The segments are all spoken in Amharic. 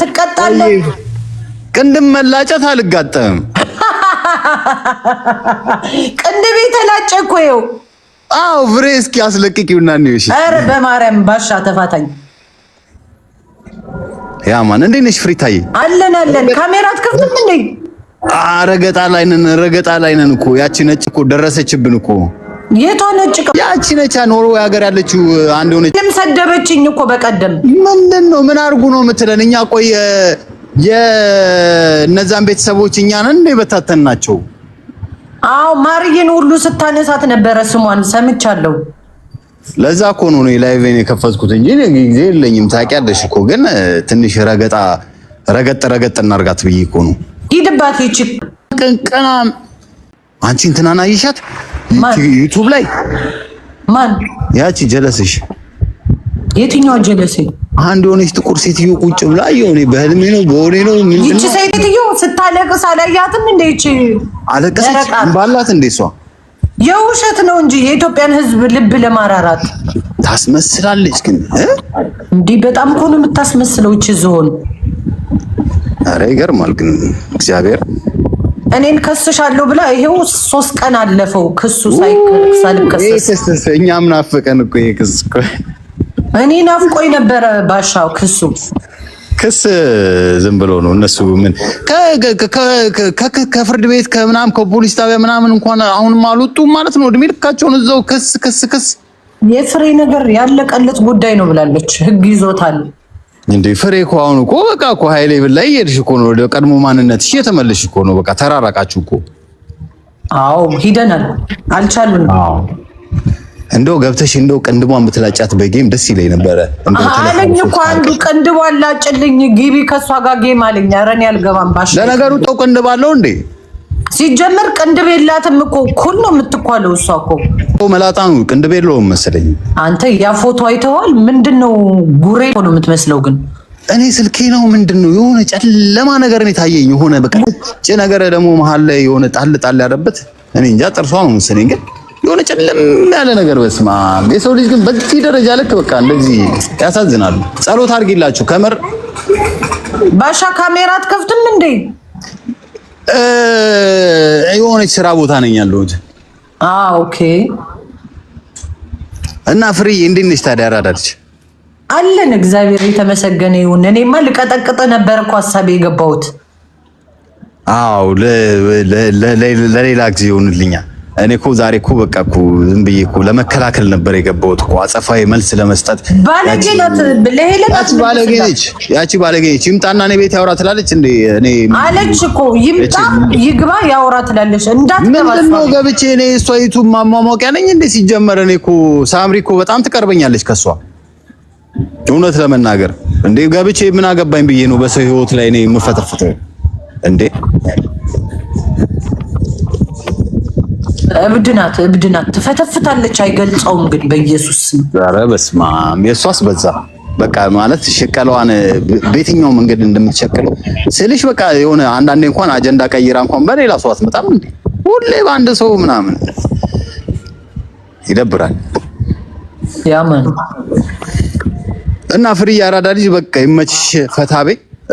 ትቀጣለህ። ቅንድም መላጨት አልጋጠም። ቅንድም የተላጨ እኮ ይኸው። አዎ ፍሬ እስኪ አስለቅቂውና እንይሽ። ኧረ በማርያም ባሻ ተፋታኝ። ያ ማን እንዴት ነሽ ፍሪታዬ? አለን አለን። ካሜራ አትከፍትም እንዴ? ረገጣ ላይ ነን፣ ረገጣ ላይ ነን እኮ ያቺ ነጭ እኮ ደረሰችብን እኮ የቷ ነጭ ቀ ያቺ ነች ኖርዌይ ሀገር ያለችው አንድ ሆነች። ሰደበችኝ እኮ በቀደም። ምንድን ነው ምን አድርጉ ነው የምትለን? እኛ ቆይ የእነዛን ቤተሰቦች እኛ ነን እንደ በታተን ናቸው። አዎ ማርዬን ሁሉ ስታነሳት ነበረ ስሟን ሰምቻለሁ። ለዛ እኮ ነው እኔ ላይቬን የከፈትኩት እንጂ ጊዜ የለኝም ታውቂያለሽ እኮ። ግን ትንሽ ረገጣ ረገጥ ረገጥ እናርጋት ብዬ እኮ ነው። ሂድባት ይቺ ቅንቅናም አንቺ እንትናን አይሻት ዩቱብ ላይ ማን? ያቺ ጀለስሽ። የትኛው ጀለሴ? አንድ የሆነች ጥቁር ሴትዮ ቁጭ ብላ የሆነ በህልሜ ነው በሆኔ ነው ምንድነው? ይቺ ሴትዮ ስታለቅስ አላያትም እንዴ? ይቺ አለቀሰች እንባላት እንዴ? እሷ የውሸት ነው እንጂ የኢትዮጵያን ሕዝብ ልብ ለማራራት ታስመስላለች። ግን እንዲህ በጣም እኮ ነው የምታስመስለው ይቺ ዝሆን። ኧረ ይገርማል ግን እግዚአብሔር እኔን ከስሻለሁ ብላ ይሄው ሶስት ቀን አለፈው ክሱ ሳይከሳልከስ እኛም ናፈቀን እኮ ይሄ ክስ እኮ እኔ ናፍቆኝ ነበረ። ባሻው ክሱ ክስ ዝም ብሎ ነው። እነሱ ምን ከፍርድ ቤት ከምናም ከፖሊስ ጣቢያ ምናምን እንኳን አሁንም አልወጡም ማለት ነው። እድሜ ልካቸውን እዛው ክስ ክስ ክስ የፍሬ ነገር ያለቀለት ጉዳይ ነው ብላለች። ህግ ይዞታል። እንዴ ፍሬ እኮ አሁን እኮ በቃ እኮ ሀይሌ ላይ እየሄድሽ እኮ ነው። ወደ ቀድሞ ማንነትሽ እየተመለስሽ እኮ ነው። በቃ ተራራቃችሁ እኮ። አዎ ሂደናል፣ አልቻሉንም። አዎ እንደው ገብተሽ እንደው ቅንድቧን ብትላጫት በጌም ደስ ይለኝ ነበረ። አለኝ እኮ አንዱ ቅንድቧን ላጭልኝ ግቢ ከሷ ጋር ጌም አለኝ። ኧረ እኔ አልገባም ባሽ። ለነገሩ ጠው ቅንድብ አለው እንዴ? ሲጀመር ቅንድብ የላትም እኮ ኩል ነው የምትኳለው። እሷ እኮ መላጣ ነው ቅንድብ የለውም መሰለኝ። አንተ ያ ፎቶ አይተዋል። ምንድን ነው ጉሬ ነው የምትመስለው ግን እኔ ስልኬ ነው ምንድን ነው የሆነ ጨለማ ነገር ነው የታየኝ። የሆነ በቃ ነገር ደግሞ መሀል ላይ የሆነ ጣል ጣል ያለበት እኔ እንጃ ጥርሷ ነው መሰለኝ፣ ግን የሆነ ጨለም ያለ ነገር። በስማ የሰው ልጅ ግን በዚህ ደረጃ ልክ በቃ እንደዚህ ያሳዝናሉ። ጸሎት አድርጊላችሁ ከምር። ባሻ ካሜራ አትከፍትም እንዴ? የሆነች ስራ ቦታ ነኝ ያለሁት። ኦኬ። እና ፍሪ እንዴት ነሽ ታዲያ? አራዳለች አለን። እግዚአብሔር የተመሰገነ ይሁን። እኔማ ልቀጠቅጠ ነበር እኮ ሀሳቤ የገባሁት። አዎ፣ ለሌላ ጊዜ ይሆንልኛል። እኔ እኮ ዛሬ እኮ በቃ እኮ ዝም ብዬ እኮ ለመከላከል ነበር የገባሁት እኮ አጸፋዊ መልስ ለመስጠት። ባለጌ ነች ያቺ ባለጌ ነች። ይምጣና እኔ ቤት ያውራ ትላለች እንዴ? እኔ አለች እኮ ይምጣ ይግባ ያውራ ትላለች። ምን ነው ገብቼ እኔ እሷ ዩቱብ ማሟሟቂያ ነኝ እንዴ? ሲጀመር እኔ እኮ ሳምሪ እኮ በጣም ትቀርበኛለች ከሷ እውነት ለመናገር እንዴ ገብቼ ምን አገባኝ ብዬ ነው በሰው ህይወት ላይ እኔ የምፈተፍተው እንዴ? እብድ ናት፣ እብድ ናት። ትፈተፍታለች፣ አይገልጸውም ግን በኢየሱስ ስም። ኧረ በስመ አብ! የእሷስ በዛ በቃ ማለት ሽቀለዋን በየትኛው መንገድ እንደምትሸቅለው ስልሽ በቃ የሆነ አንዳንዴ እንኳን አጀንዳ ቀይራ እንኳን በሌላ ሰው አትመጣም እንዴ? ሁሌ በአንድ ሰው ምናምን ይደብራል። ያመን እና ፍሪ ያራዳ ልጅ በቃ ይመችሽ። ፈታቤ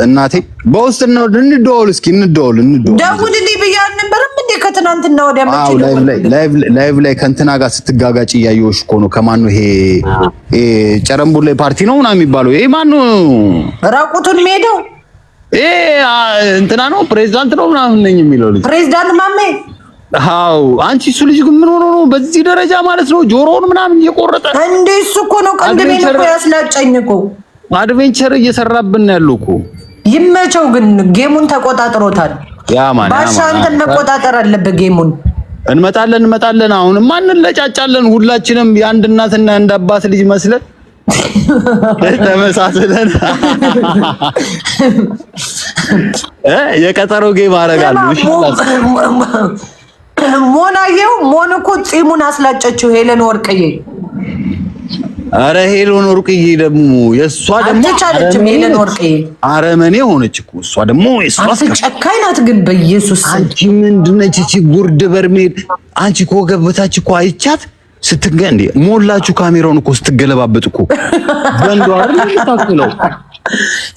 እናቴ በውስጥ ነው እንደዋወል። እስኪ እንደዋወል እንደዋወል ደውልልኝ ብያለሁ ነበር ከትናንትና ወዲያ ላይቭ ላይ ከእንትና ጋር ስትጋጋጭ እያየሁሽ እኮ ነው። ከማኑ ይሄ ጨረምቡላ ፓርቲ ነው ምናምን የሚባለው ይሄ ማኑ ራቁቱን ሄደው ይሄ እንትና ነው ፕሬዚዳንት ነው ምናምን ነኝ የሚለው ልጅ ፕሬዚዳንት ማሜ አው አንቺ እሱ ልጅ ግን ምን ሆኖ ነው በዚህ ደረጃ ማለት ነው ጆሮውን ምናምን እየቆረጠ እንዴ? እሱ እኮ ነው ቅድሜ ነው ያስላጨኝ እኮ አድቬንቸር እየሰራብን ያለው እኮ። ይመቸው ግን ጌሙን ተቆጣጥሮታል። ባሻ መቆጣጠር አለብህ ጌሙን። እንመጣለን እንመጣለን። አሁን አሁንማ ለጫጫለን ሁላችንም የአንድ እናትና የአንድ አባት ልጅ መስለን ተመሳስለን እ የቀጠሮ ጌም አደርጋለሁ። ሞናየው ሞን እኮ ጺሙን አስላጨችው ሄለን ወርቅዬ አረ ሄለን ወርቅዬ ደግሞ የሷ ደግሞ አትቻለችም። ሄሎን ወርቅዬ አረመኔ ሆነች እኮ እሷ ደግሞ እሷ ጨካኝ ናት። ግን በኢየሱስ አንቺ ምንድን ነች እቺ ጉርድ በርሜል? አንቺ እኮ ገበታች እኮ አይቻት ስትገ እንዴ ሞላችሁ ካሜራውን እኮ ስትገለባበጥ እኮ በእንዶ አይደል?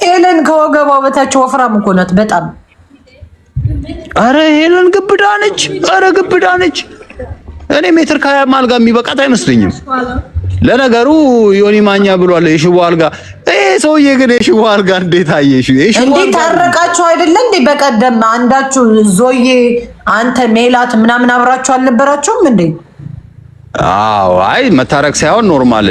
ሄለን ከወገቧ በታች ወፍራም እኮ ናት በጣም አረ ሄለን ግብዳ ነች። አረ ግብዳ ነች። እኔ ሜትር ከሀያ ማልጋ የሚበቃት አይመስለኝም። ለነገሩ ዮኒ ማኛ ብሏል የሽቦ አልጋ። ይሄ ሰውዬ ግን የሽቦ አልጋ እንዴት አየሽ? እንዴት ታረቃችሁ አይደለ እንዴ? በቀደም አንዳችሁ ዞዬ፣ አንተ ሜላት ምናምን አብራችሁ አልነበራችሁም እንዴ? አዎ። አይ መታረቅ ሳይሆን ኖርማል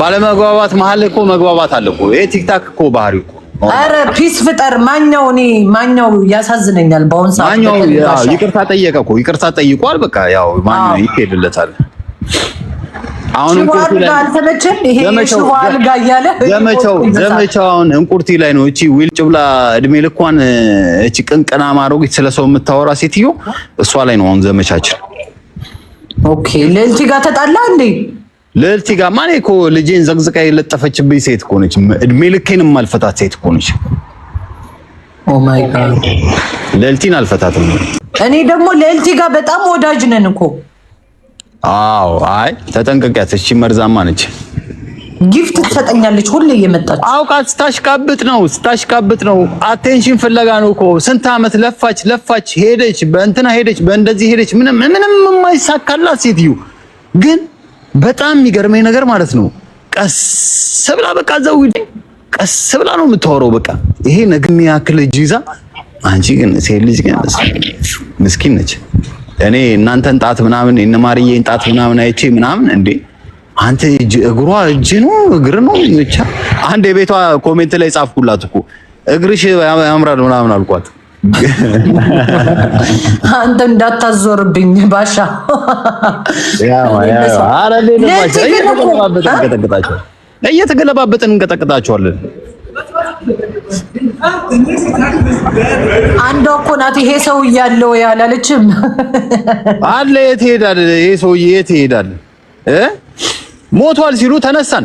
ባለመግባባት መሀል እኮ መግባባት አለ እኮ። ይሄ ቲክታክ እኮ ባህሪው እኮ አረ ፒስ ፍጠር። ማኛው እኔ ማኛው ያሳዝነኛል በአሁን ሰዓት። ማኛው ይቅርታ ጠየቀ እኮ ይቅርታ ጠይቋል። በቃ ያው ማኛው ይሄድለታል። አሁን እንቁርቲ ላይ አልተመቸም። ዘመቻው ዘመቻው አሁን እንቁርቲ ላይ ነው። እቺ ዊል ጭብላ እድሜ ልኳን እቺ ቅንቅና ማሮጊት ስለሰው የምታወራ ሴትዮ እሷ ላይ ነው አሁን ዘመቻችን። ኦኬ ልዕልቲ ጋር ተጣላ እንዴ? ልዕልቲ ጋር ማን እኮ ልጄን ዘቅዝቃ የለጠፈችብኝ ሴት እኮ ነች። እድሜ ልኬን የማልፈታት ሴት እኮ ነች። ኦ ማይ ጋድ ልዕልቲን አልፈታትም። እኔ ደግሞ ልዕልቲ ጋር በጣም ወዳጅ ነን እኮ አዎ አይ ተጠንቀቂያት። እቺ መርዛማ ነች። ጊፍት ትሰጠኛለች ሁሌ እየመጣች አውቃት። ስታሽቃብጥ ነው ስታሽቃብጥ ነው። አቴንሽን ፍለጋ ነው እኮ። ስንት አመት ለፋች ለፋች፣ ሄደች በእንትና ሄደች በእንደዚህ ሄደች፣ ምንም ምንም የማይሳካላት ሴትዮ። ግን በጣም የሚገርመኝ ነገር ማለት ነው ቀስ ብላ በቃ ዘው ቀስ ብላ ነው የምታወራው። በቃ ይሄ ነግም ያክል እጅ ይዛ አንቺ ግን ሴት ልጅ ግን ምስኪን ነች። እኔ እናንተን ጣት ምናምን እነማርዬን ጣት ምናምን አይቼ ምናምን እንዴ አንተ እግሯ እጅ ነው እግር ነው ብቻ። አንድ የቤቷ ኮሜንት ላይ ጻፍኩላት እኮ እግርሽ ያምራል ምናምን አልኳት። አንተ እንዳታዞርብኝ ባሻ። እየተገለባበጥን እንቀጠቅጣቸዋለን። አንዷ እኮ ናት። ይሄ ሰው እያለ ወይ አላለችም አለ። የት ይሄዳል ይሄ ሰው የት ይሄዳል? ሞቷል ሲሉ ተነሳን።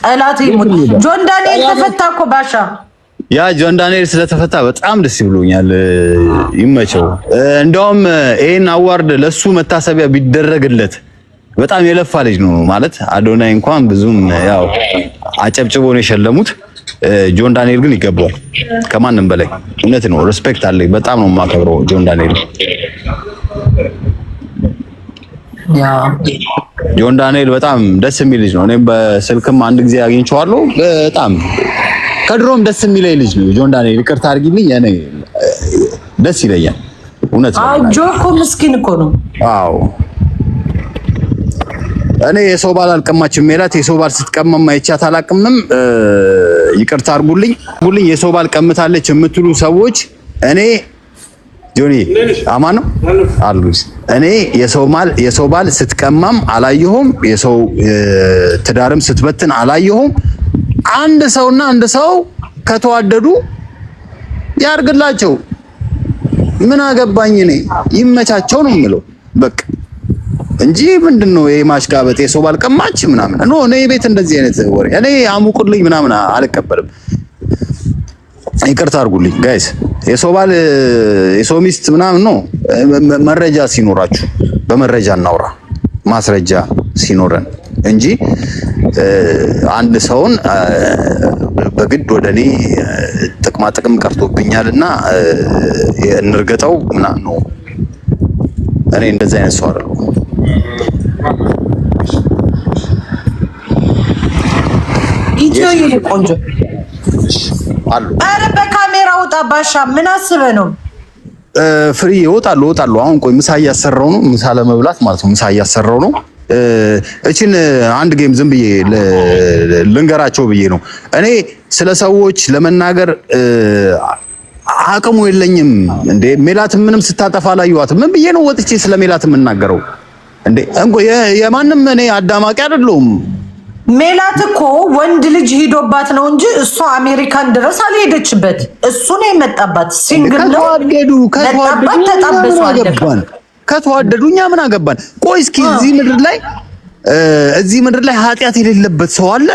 ጠላት ጆን ዳንኤል ተፈታ እኮ ባሻ። ያ ጆን ዳንኤል ስለተፈታ በጣም ደስ ይብሎኛል። ይመቸው። እንደውም ይሄን አዋርድ ለሱ መታሰቢያ ቢደረግለት በጣም የለፋ ልጅ ነው ማለት አዶናይ እንኳን ብዙም ያው አጨብጭቦ ነው የሸለሙት። ጆን ዳንኤል ግን ይገባዋል ከማንም በላይ እውነት ነው። ሪስፔክት አለኝ። በጣም ነው የማከብረው ጆን ዳንኤል። ጆን ዳንኤል በጣም ደስ የሚል ልጅ ነው። እኔም በስልክም አንድ ጊዜ አግኝቼዋለሁ። በጣም ከድሮም ደስ የሚለኝ ልጅ ነው ጆን ዳንኤል። ይቅርታ አድርጊልኝ፣ እኔ ደስ ይለኛል። እውነት ነው። ጆ እኮ ምስኪን እኮ ነው። አዎ እኔ የሰው ባል አልቀማችም። ሜላት የሰው ባል ስትቀመም አይቻት አላቅምም። ይቅርታ አርጉልኝ አድርጉልኝ። የሰው ባል ቀምታለች የምትሉ ሰዎች እኔ ጆኒ አማን ነው አሉ። እኔ የሰው ማል የሰው ባል ስትቀማም አላየሁም። የሰው ትዳርም ስትበትን አላየሁም። አንድ ሰውና አንድ ሰው ከተዋደዱ ያርግላቸው። ምን አገባኝ እኔ፣ ይመቻቸው ነው የምለው በቃ። እንጂ ምንድን ነው ይሄ ማሽቃበጥ፣ የሰው ባልቀማች ምናምን። ኖ እኔ ቤት እንደዚህ አይነት ወሬ እኔ አሙቁልኝ ምናምን አልቀበልም። ይቅርታ አድርጉልኝ ጋይስ። የሰው ባል የሰው ሚስት ምናምን ነው። መረጃ ሲኖራችሁ በመረጃ እናውራ፣ ማስረጃ ሲኖረን እንጂ አንድ ሰውን በግድ ወደ እኔ ጥቅማ ጥቅም ቀርቶብኛል እና እንርገጠው ምናምን ነው። እኔ እንደዚህ አይነት ሰው አይደለሁም። ቆንጆ ኧረ በካሜራ ወጣ ባሻ ምን አስበህ ነው? ፍሪ እወጣለሁ እወጣለሁ። አሁን ቆይ ምሳ እያሰራው ነው። ምሳ ለመብላት ማለት ነው። ምሳ እያሰራው ነው። እችን አንድ ጌም ዝም ብዬ ልንገራቸው ብዬ ነው። እኔ ስለ ሰዎች ለመናገር አቅሙ የለኝም። እንዴ ሜላት ምንም ስታጠፋ ላዩዋት ምን ብዬ ነው ወጥቼ ስለ ሜላት የምናገረው? እንዴ የማንም እኔ አዳማቂ አይደለሁም። ሜላት እኮ ወንድ ልጅ ሄዶባት ነው እንጂ እሷ አሜሪካን ድረስ አልሄደችበት። እሱ ነው የመጣባት። ሲንግል ነው መጣባት። ተጣበሱ አገባን። ከተዋደዱ እኛ ምን አገባን? ቆይ እስኪ እዚህ ምድር ላይ እዚህ ምድር ላይ ኃጢአት የሌለበት ሰው አለ?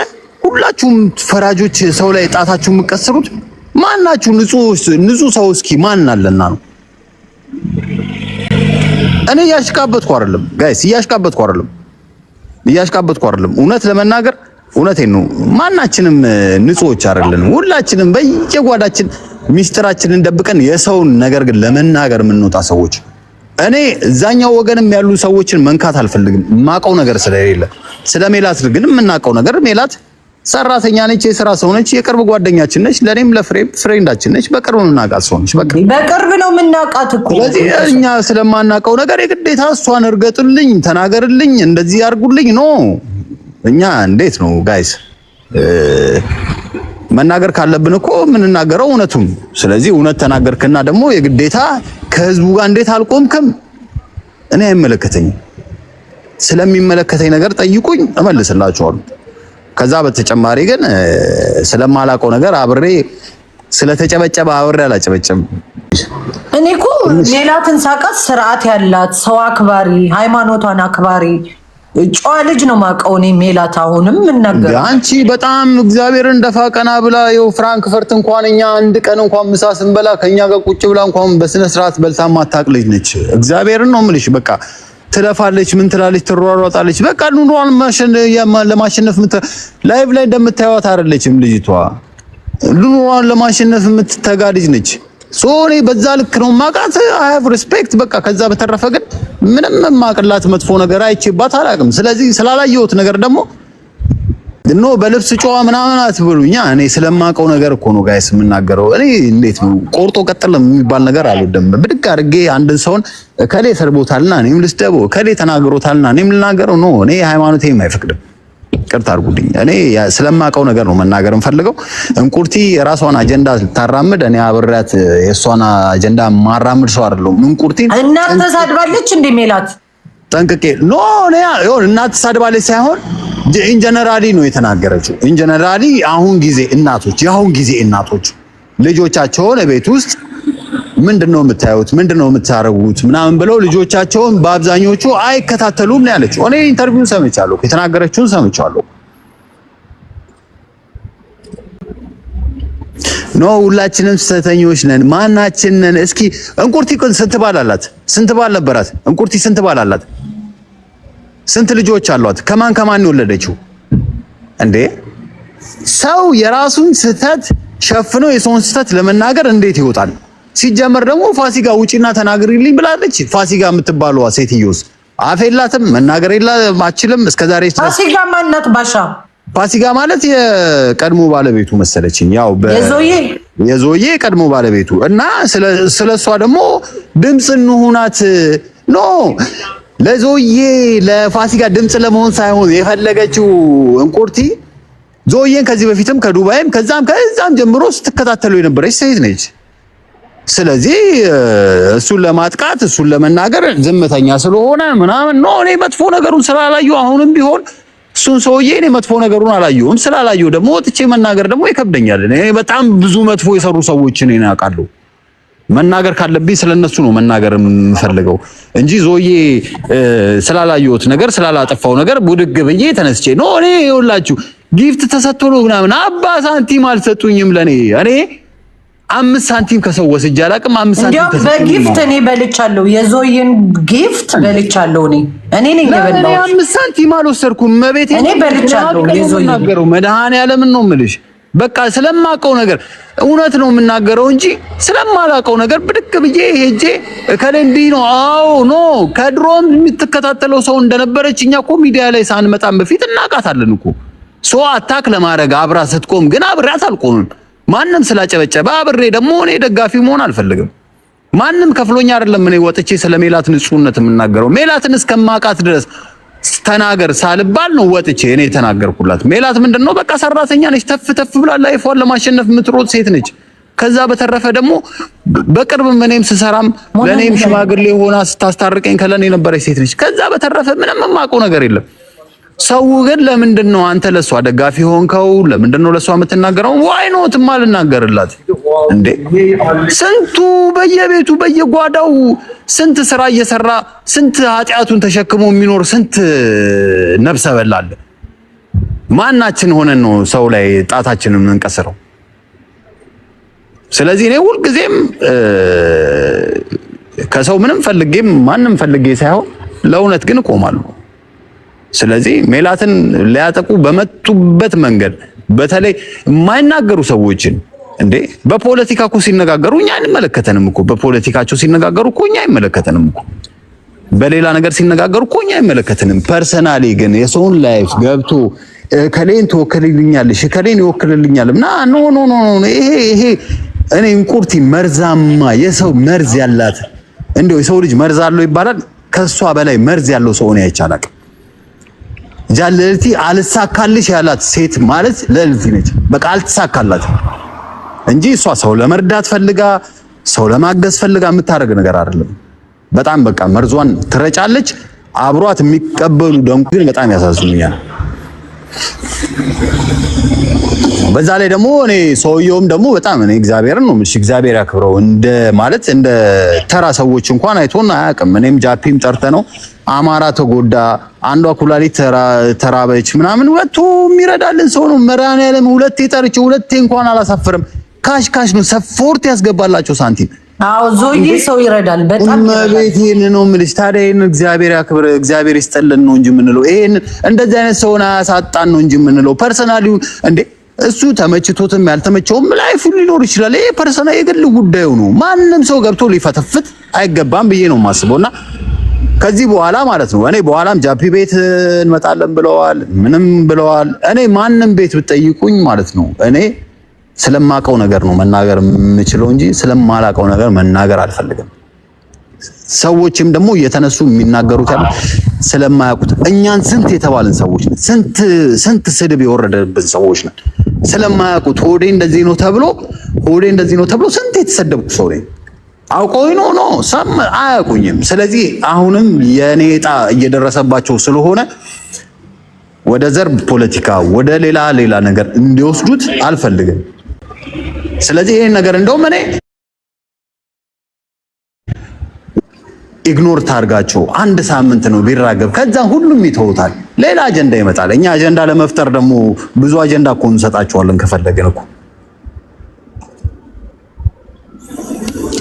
ሁላችሁም ፈራጆች ሰው ላይ ጣታችሁ የምትቀስሩት ማናችሁ? ንጹህ ንጹህ ሰው እስኪ ማን አለና ነው እኔ እያሽቃበጥኩ አይደለም ጋይስ፣ እያሽቃበጥኩ አይደለም፣ እያሽቃበጥኩ አይደለም። እውነት ለመናገር እውነቴን ነው። ማናችንም ንጹዎች አይደለን። ሁላችንም በየጓዳችን ሚስጥራችንን ደብቀን የሰውን ነገር ግን ለመናገር የምንወጣ ሰዎች እኔ እዛኛው ወገንም ያሉ ሰዎችን መንካት አልፈልግም። ማቀው ነገር ስለሌለ ስለ ሜላት ግን የምናውቀው ነገር ሜላት ሰራተኛ ነች፣ የስራ ሰው ነች፣ የቅርብ ጓደኛችን ነች፣ ለኔም ለፍሬ ፍሬንዳችን ነች። በቅርብ ነው እናውቃት ሰው ነች። በቅርብ ነው የምናውቃት እኮ። ስለዚህ እኛ ስለማናውቀው ነገር የግዴታ እሷን እርገጡልኝ፣ ተናገርልኝ፣ እንደዚህ ያርጉልኝ ኖ እኛ እንዴት ነው ጋይስ መናገር ካለብን እኮ የምንናገረው እውነቱም። ስለዚህ እውነት ተናገርክና ደግሞ የግዴታ ከህዝቡ ጋር እንዴት አልቆምክም? እኔ አይመለከተኝም። ስለሚመለከተኝ ነገር ጠይቁኝ፣ እመልስላችኋለሁ። ከዛ በተጨማሪ ግን ስለማላውቀው ነገር አብሬ ስለተጨበጨበ አብሬ አላጨበጨም። እኔ እኮ ሜላትን ሳውቃት ስርዓት ያላት ሰው አክባሪ፣ ሃይማኖቷን አክባሪ ጨዋ ልጅ ነው የማውቀው እኔ ሜላት። አሁንም እናገር አንቺ በጣም እግዚአብሔር እንደፋ ቀና ብላ ይኸው ፍራንክፈርት እንኳን እኛ አንድ ቀን እንኳን ምሳ ስንበላ ከኛ ጋር ቁጭ ብላ እንኳን በስነ ስርዓት በልታ ማታቅ ልጅ ነች። እግዚአብሔርን ነው የምልሽ በቃ ትለፋለች፣ ምን ትላለች፣ ትሯሯጣለች። በቃ ኑሯን ለማሸነፍ ላይቭ ላይ እንደምታዩት አይደለችም ልጅቷ። ኑሯን ለማሸነፍ የምትተጋ ልጅ ነች። ሶኔ በዛ ልክ ነው ማቃት። አይ ሃቭ ሪስፔክት። በቃ ከዛ በተረፈ ግን ምንም ማቅላት መጥፎ ነገር አይቼባት አላውቅም። ስለዚህ ስላላየሁት ነገር ደግሞ ኖ በልብስ ጨዋ ምናምን አትበሉኛ። እኔ ስለማቀው ነገር እኮ ነው ጋይስ የምናገረው። እኔ እንዴት ነው ቆርጦ ቀጥል የሚባል ነገር አልወደም። ብድግ አድርጌ አንድን ሰውን እከሌ ሰርቦታልና እኔም ልስደቦ፣ እከሌ ተናግሮታልና እኔም ልናገረው ነው። እኔ ሃይማኖቴም አይፈቅድም። ቅርታ አድርጉልኝ። እኔ ስለማቀው ነገር ነው መናገር የምፈልገው። እንቁርቲ የራሷን አጀንዳ ልታራምድ እኔ አብሬያት የእሷን አጀንዳ ማራምድ ሰው አይደለሁም። እንቁርቲ እናት ተሳድባለች እንደ ሜላት ጠንቅቄ ኖ እናት ሳድባለች ሳይሆን ኢንጀነራሊ ነው የተናገረችው። ኢንጀነራሊ አሁን ጊዜ እናቶች የአሁን ጊዜ እናቶች ልጆቻቸውን ቤት ውስጥ ምንድን ነው የምታዩት፣ ምንድን ነው የምታረጉት ምናምን ብለው ልጆቻቸውን በአብዛኞቹ አይከታተሉም ነው ያለችው። እኔ ኢንተርቪውን ሰምቻለሁ፣ የተናገረችውን ሰምቻለሁ። ኖ ሁላችንም ስህተኞች ነን። ማናችን ነን? እስኪ እንቁርቲ ስንት ባል አላት? ስንት ባል ነበራት? እንቁርቲ ስንት ባል አላት? ስንት ልጆች አሏት? ከማን ከማን የወለደችው? እንዴ ሰው የራሱን ስህተት ሸፍኖ የሰውን ስህተት ለመናገር እንዴት ይወጣል? ሲጀመር ደግሞ ፋሲካ ውጪና ተናግሪልኝ ብላለች። ፋሲካ የምትባለዋ ሴትዮስ አፍ የላትም መናገር የላትም አችልም። እስከዛሬ ፋሲካ ማናት ባሻ ፋሲካ ማለት የቀድሞ ባለቤቱ መሰለችኝ፣ ያው የዞዬ የቀድሞ ባለቤቱ እና ስለ እሷ ደግሞ ድምፅ እንሁናት። ኖ ለዞዬ ለፋሲካ ድምፅ ለመሆን ሳይሆን የፈለገችው እንቁርቲ ዞዬን ከዚህ በፊትም ከዱባይም ከዛም ከዛም ጀምሮ ስትከታተሉ የነበረች ሴት ነች። ስለዚህ እሱን ለማጥቃት እሱን ለመናገር ዝምተኛ ስለሆነ ምናምን ኖ እኔ መጥፎ ነገሩን ስላላዩ አሁንም ቢሆን እሱን ሰውዬ እኔ መጥፎ ነገሩን አላየሁም። ስላላየሁ ደግሞ ወጥቼ መናገር ደግሞ ይከብደኛል። እኔ በጣም ብዙ መጥፎ የሰሩ ሰዎችን እኔ አውቃለሁ። መናገር ካለብኝ ስለነሱ ነው መናገር የምፈልገው እንጂ ዞዬ ስላላየሁት ነገር ስላላጠፋው ነገር ብድግ ብዬ ተነስቼ ነው እኔ ይኸውላችሁ ጊፍት ተሰጥቶ ነው ምናምን አባ ሳንቲም አልሰጡኝም ለእኔ እኔ አምስት ሳንቲም ከሰው ወስጄ አላውቅም። አምስት ሳንቲም ከሰው በጊፍት እኔ በልቻለሁ። የዞይን ጊፍት በልቻለሁ። እኔ እኔ ነኝ የበላሁት። አምስት ሳንቲም አልወሰድኩም። መቤት እኔ በልቻለሁ። የዞይን ነገሩ መድኃኒዓለምን ነው የምልሽ። በቃ ስለማውቀው ነገር እውነት ነው የምናገረው እንጂ ስለማላውቀው ነገር ብድቅ ብዬ ሄጄ እከሌ እንዲህ ነው። አዎ ኖ ከድሮም የምትከታተለው ሰው እንደነበረች እኛ እኮ ሚዲያ ላይ ሳንመጣም በፊት እናውቃታለን እኮ ሰው አታክ ለማድረግ አብራ ስትቆም ግን አብራት አልቆምም ማንም ስላጨበጨበ አብሬ ደግሞ እኔ ደጋፊ መሆን አልፈልግም። ማንም ከፍሎኛ አይደለም እኔ ወጥቼ ስለ ሜላት ንጹህነት የምናገረው። ሜላትን እስከማውቃት ድረስ ተናገር ሳልባል ነው ወጥቼ እኔ የተናገርኩላት። ሜላት ምንድነው በቃ ሰራተኛ ነች። ተፍ ተፍ ብላ ላይፏን ለማሸነፍ የምትሮጥ ሴት ነች። ከዛ በተረፈ ደግሞ በቅርብ እኔም ስሰራም ለእኔም ሽማግሌ ሆና ስታስታርቀኝ ከለኔ የነበረች ሴት ነች። ከዛ በተረፈ ምንም የማውቀው ነገር የለም። ሰው ግን ለምንድን ነው አንተ ለሷ ደጋፊ ሆንከው? ለምንድን ነው ለሷ የምትናገረው? ዋይ ኖት ማልናገርላት እንዴ? ስንቱ በየቤቱ በየጓዳው ስንት ስራ እየሰራ ስንት ኃጢአቱን ተሸክሞ የሚኖር ስንት ነብሰ በላለ። ማናችን ሆነን ነው ሰው ላይ ጣታችንን የምንቀስረው? ስለዚህ እኔ ሁልጊዜም ከሰው ምንም ፈልጌም ማንም ፈልጌ ሳይሆን ለእውነት ግን እቆማለሁ። ስለዚህ ሜላትን ሊያጠቁ በመጡበት መንገድ በተለይ የማይናገሩ ሰዎችን እንዴ በፖለቲካ እኮ ሲነጋገሩ እኛ አንመለከተንም እኮ በፖለቲካቸው ሲነጋገሩ እኮ እኛ አይመለከተንም እኮ በሌላ ነገር ሲነጋገሩ እኮ እኛ አይመለከተንም። ፐርሰናሊ ግን የሰውን ላይፍ ገብቶ ከሌን ትወክልልኛለሽ ከሌን ይወክልልኛል ና ኖ ኖ ኖ ይሄ ይሄ እኔ እንቁርቲ መርዛማ የሰው መርዝ ያላት እንዴ የሰው ልጅ መርዝ አለው ይባላል። ከሷ በላይ መርዝ ያለው ሰው እኔ አይቻልም። ጃለልቲ አልሳካልሽ ያላት ሴት ማለት ለልቲ ነች። በቃ አልተሳካላት እንጂ እሷ ሰው ለመርዳት ፈልጋ ሰው ለማገዝ ፈልጋ የምታደርግ ነገር አይደለም። በጣም በቃ መርዟን ትረጫለች። አብሯት የሚቀበሉ ደንቁ ግን በጣም ያሳዝኑኛል። በዛ ላይ ደግሞ እኔ ሰውየውም ደግሞ በጣም እኔ እግዚአብሔርን ነው የምልሽ፣ እግዚአብሔር ያክብረው። እንደ ማለት እንደ ተራ ሰዎች እንኳን አይቶን አያውቅም። እኔም ጃፒም ጠርተ ነው አማራ ተጎዳ፣ አንዷ ኩላሊት ተራበች ምናምን፣ ሁለቱ የሚረዳልን ሰው ነው መድኃኒዓለም። ሁለቴ ጠርቼ ሁለቴ እንኳን አላሳፍርም። ካሽ ካሽ ነው ሰፎርት ያስገባላቸው ሳንቲም አዎ ዞዬ ሰው ይረዳል። በጣም እመቤት ይሄን ነው የምልሽ። ታዲያ ይሄን እግዚአብሔር ያክብር እግዚአብሔር ይስጥልን ነው እንጂ የምንለው ይሄን እንደዚህ አይነት ሰውን አያሳጣን ነው እንጂ የምንለው ፐርሰናሊ እንዴ እሱ ተመችቶትም ያልተመቸውም ላይፍ ሊኖር ይችላል። ይሄ ፐርሰናል የግል ጉዳዩ ነው። ማንም ሰው ገብቶ ሊፈተፍት አይገባም ብዬ ነው የማስበውና ከዚህ በኋላ ማለት ነው እኔ በኋላም ጃፒ ቤት እንመጣለን ብለዋል፣ ምንም ብለዋል። እኔ ማንም ቤት ብጠይቁኝ ማለት ነው እኔ ስለማቀው ነገር ነው መናገር የምችለው እንጂ ስለማላቀው ነገር መናገር አልፈልግም። ሰዎችም ደግሞ እየተነሱ የሚናገሩት ያለ ስለማያውቁት እኛን ስንት የተባልን ሰዎች ነን። ስንት ስንት ስድብ የወረደብን ሰዎች ነን። ስለማያውቁት ሆዴ እንደዚህ ነው ተብሎ ሆዴ እንደዚህ ነው ተብሎ ስንት የተሰደብኩ ሰው ነኝ። አውቀው ነው ነው ሰም አያውቁኝም። ስለዚህ አሁንም የኔ ዕጣ እየደረሰባቸው ስለሆነ ወደ ዘር ፖለቲካ፣ ወደ ሌላ ሌላ ነገር እንዲወስዱት አልፈልግም። ስለዚህ ይሄን ነገር እንደውም እኔ ኢግኖር ታርጋቸው አንድ ሳምንት ነው ቢራገብ፣ ከዛ ሁሉም ይተውታል። ሌላ አጀንዳ ይመጣል። እኛ አጀንዳ ለመፍጠር ደግሞ ብዙ አጀንዳ እኮ እንሰጣቸዋለን ከፈለግን እኮ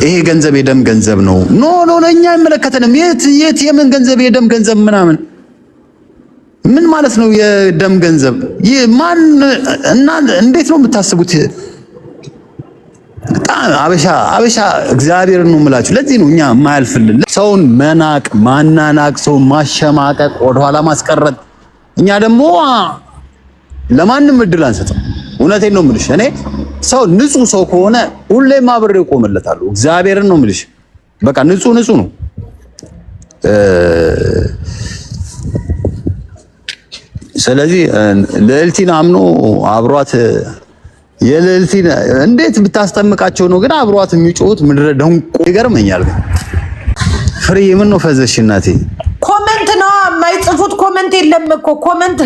ይሄ ገንዘብ የደም ገንዘብ ነው። ኖ ኖ ለኛ አይመለከተንም። የት የት የምን ገንዘብ የደም ገንዘብ ምናምን ምን ማለት ነው? የደም ገንዘብ ማን እና እንዴት ነው የምታስቡት? በጣም አበሻ አበሻ እግዚአብሔር ነው የምላችሁ። ለዚህ ነው እኛ የማያልፍልን ሰውን መናቅ፣ ማናናቅ፣ ሰውን ማሸማቀቅ፣ ወደኋላ ማስቀረት። እኛ ደግሞ ለማንም እድል አንሰጥም። እውነቴን ነው የምልሽ። እኔ ሰው ንጹህ ሰው ከሆነ ሁሌም አብሬ እቆምለታለሁ። እግዚአብሔርን ነው የምልሽ። በቃ ንጹህ ንጹህ ነው። ስለዚህ ልዕልቲን አምኖ አብሯት የልዕልቲን እንዴት ብታስጠምቃቸው ነው ግን አብሯት የሚጮሁት? ምድረ ደንቆ ይገርመኛል። ግን ፍሬ ምን ነው ፈዘሽ እናቴ? ኮመንት ነው የማይጽፉት ኮመንት የለም እኮ ኮመንት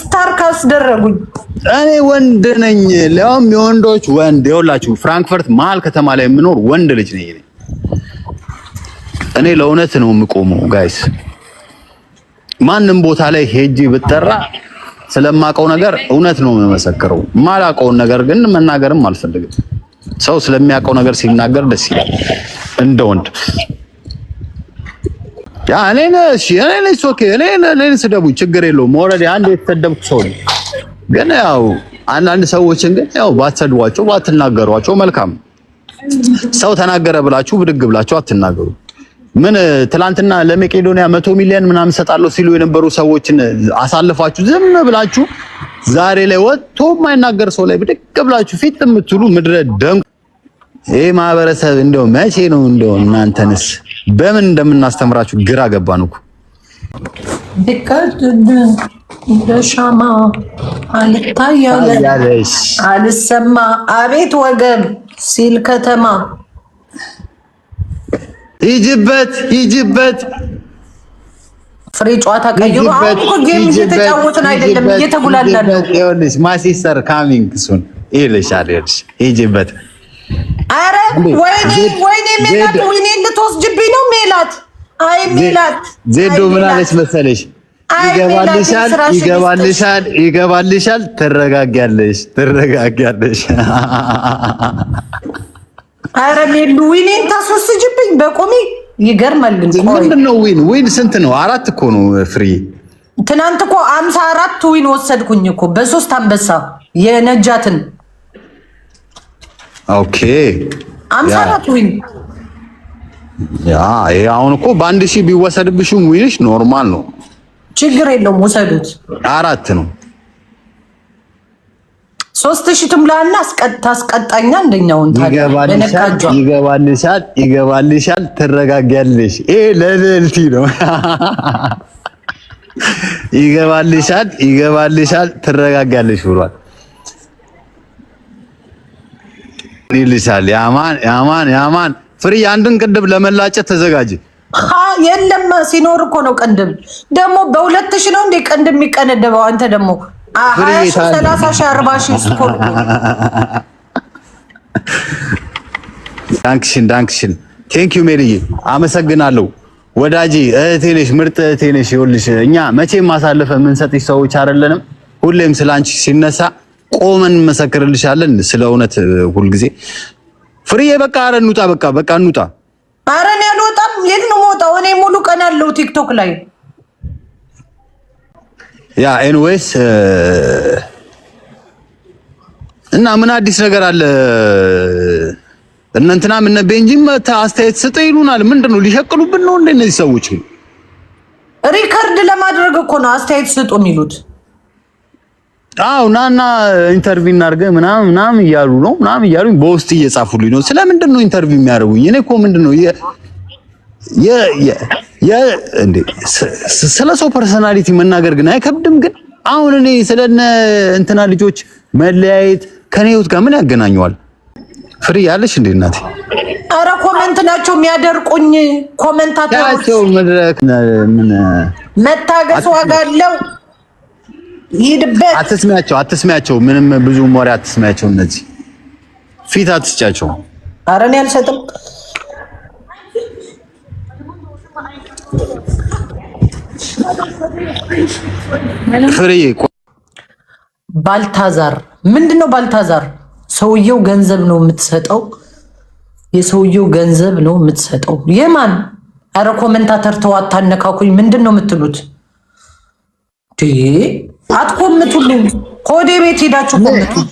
ስታር ካስደረጉኝ እኔ ወንድ ነኝ፣ ሊያውም የወንዶች ወንድ። ይኸውላችሁ ፍራንክፈርት መሀል ከተማ ላይ የምኖር ወንድ ልጅ ነኝ እኔ። ለእውነት ነው የምቆመው ጋይስ። ማንም ቦታ ላይ ሄጂ ብጠራ ስለማቀው ነገር እውነት ነው የምመሰክረው። የማላውቀውን ነገር ግን መናገርም አልፈልግም። ሰው ስለሚያውቀው ነገር ሲናገር ደስ ይላል እንደ ወንድ። ያ እኔ ነሽ እኔ ነሽ ኦኬ እኔ እኔ ስደቡኝ ችግር የለውም። ኦልሬዲ አንድ የተሰደብኩ ሰው ነው። ግን ያው አንዳንድ ሰዎችን ግን ያው ባትሰድቧቸው ባትናገሯቸው መልካም። ሰው ተናገረ ብላችሁ ብድግ ብላችሁ አትናገሩ። ምን ትላንትና ለመቄዶንያ መቶ ሚሊዮን ምናምን ሰጣለሁ ሲሉ የነበሩ ሰዎችን አሳልፋችሁ ዝም ብላችሁ ዛሬ ላይ ወጥቶ የማይናገር ሰው ላይ ብድቅ ብላችሁ ፊት የምትሉ ምድረ ደንቁ። ይህ ማህበረሰብ እንደው መቼ ነው እንደው እናንተንስ በምን እንደምናስተምራችሁ ግራ ገባን እኮ። በሻማ አልሰማ አቤት ወገብ ሲል ከተማ ሂጅበት ሂጅበት ፍሬ ጨዋታ ቀይሮ አሁን እኮ ጌም እየተጫወትን አይደለም፣ እየተጉላለን ነው። ይኸውልሽ ማሲስተር ካሚንግ ሱን ይልሻል። ይኸውልሽ ሂጅበት። አረ ወይኔ ወይኔ ሜላት ወይኔ ልትወስጅብኝ ነው ሜላት። አይ ሜላት ዜዶ ምን አለች መሰለሽ? ይገባልሻል፣ ይገባልሻል፣ ይገባልሻል። ትረጋጊያለሽ፣ ትረጋጊያለሽ ኧረ ሜሉ ዊኔን ታስወስጅብኝ በቁሚ ይገርማል። ግን ምንድን ነው ዊን ዊን ስንት ነው? አራት እኮ ነው ፍሪ። ትናንት እኮ አምሳ አራት ዊን ወሰድኩኝ እኮ በሶስት አንበሳ የነጃትን። ኦኬ አምሳ አራት ዊን ያ ይሄ አሁን እኮ በአንድ ሺህ ቢወሰድብሽም ዊንሽ ኖርማል ነው፣ ችግር የለውም ውሰዱት። አራት ነው ሶስት ሺህ ትሙላና ታስቀጣኛ። አንደኛውን ይገባልሻል፣ ይገባልሻል፣ ትረጋጊያለሽ። ይሄ ለልዕልቲ ነው። ይገባልሻል፣ ይገባልሻል፣ ትረጋጊያለሽ ብሏል። ይልሻል። ያማን ያማን ያማን ፍሪ አንድን ቅድብ ለመላጨት ተዘጋጅ። የለም ሲኖር እኮ ነው። ቅድብ። ደግሞ በሁለት ሺህ ነው እንዴ ቅንድብ የሚቀነደበው? አንተ ደግሞ ዳንክሽን ዳንክሽን ቴንክ ዩ ሜሪዬ፣ አመሰግናለሁ ወዳጄ። እህቴ ነሽ፣ ምርጥ እህቴ ነሽ። ይኸውልሽ እኛ መቼም ማሳለፈ የምንሰጥሽ ሰዎች አይደለንም። ሁሌም ስለአንቺ ሲነሳ ቆመን እንመሰክርልሻለን። ስለ እውነት ሁልጊዜ ፍርዬ። በቃ ኧረ እንውጣ፣ በቃ በቃ እንውጣ። ኧረ እኔ አልወጣም። የት ነው የምወጣው? እኔ ሙሉ ቀን አለው ቲክቶክ ላይ ያ ኤንዌይስ እና ምን አዲስ ነገር አለ? እነንትናም ምን ቤንጂም አስተያየት ስጠ ይሉናል። ምንድን ነው ሊሸቅሉብን ነው? እንደ እነዚህ ሰዎች ሪከርድ ለማድረግ እኮ ነው አስተያየት ስጡ የሚሉት። አዎ ናና ኢንተርቪው እናድርግ ምናምን ምናምን እያሉ ነው ምናምን እያሉ በውስጥ እየጻፉልኝ ነው። ስለምንድን ነው ኢንተርቪው የሚያደርጉኝ? እኔ እኮ ምንድን ነው ስለ ሰው ፐርሰናሊቲ መናገር ግን አይከብድም። ግን አሁን እኔ ስለነ እንትና ልጆች መለያየት ከኔ ህይወት ጋር ምን ያገናኘዋል? ፍሪ ያለሽ እንዴ እናቴ? አረ ኮመንት ናቸው የሚያደርቁኝ። ኮመንታቸው መድረክ ምን መታገስ ዋጋ አለው። ይሄድበት። አትስሚያቸው፣ አትስሚያቸው። ምንም ብዙ ወሬ አትስሚያቸው። እነዚህ ፊት አትስጫቸው። አረ እኔ አልሰጥም። ባልታዛር ምንድን ነው? ባልታዛር ሰውየው ገንዘብ ነው የምትሰጠው። የሰውየው ገንዘብ ነው የምትሰጠው። የማን አረ ኮመንታተር ተው አታነካኩኝ። ምንድን ነው የምትሉት? አትኮምቱልኝ። ከወደ ቤት ሄዳችሁ ኮምቱ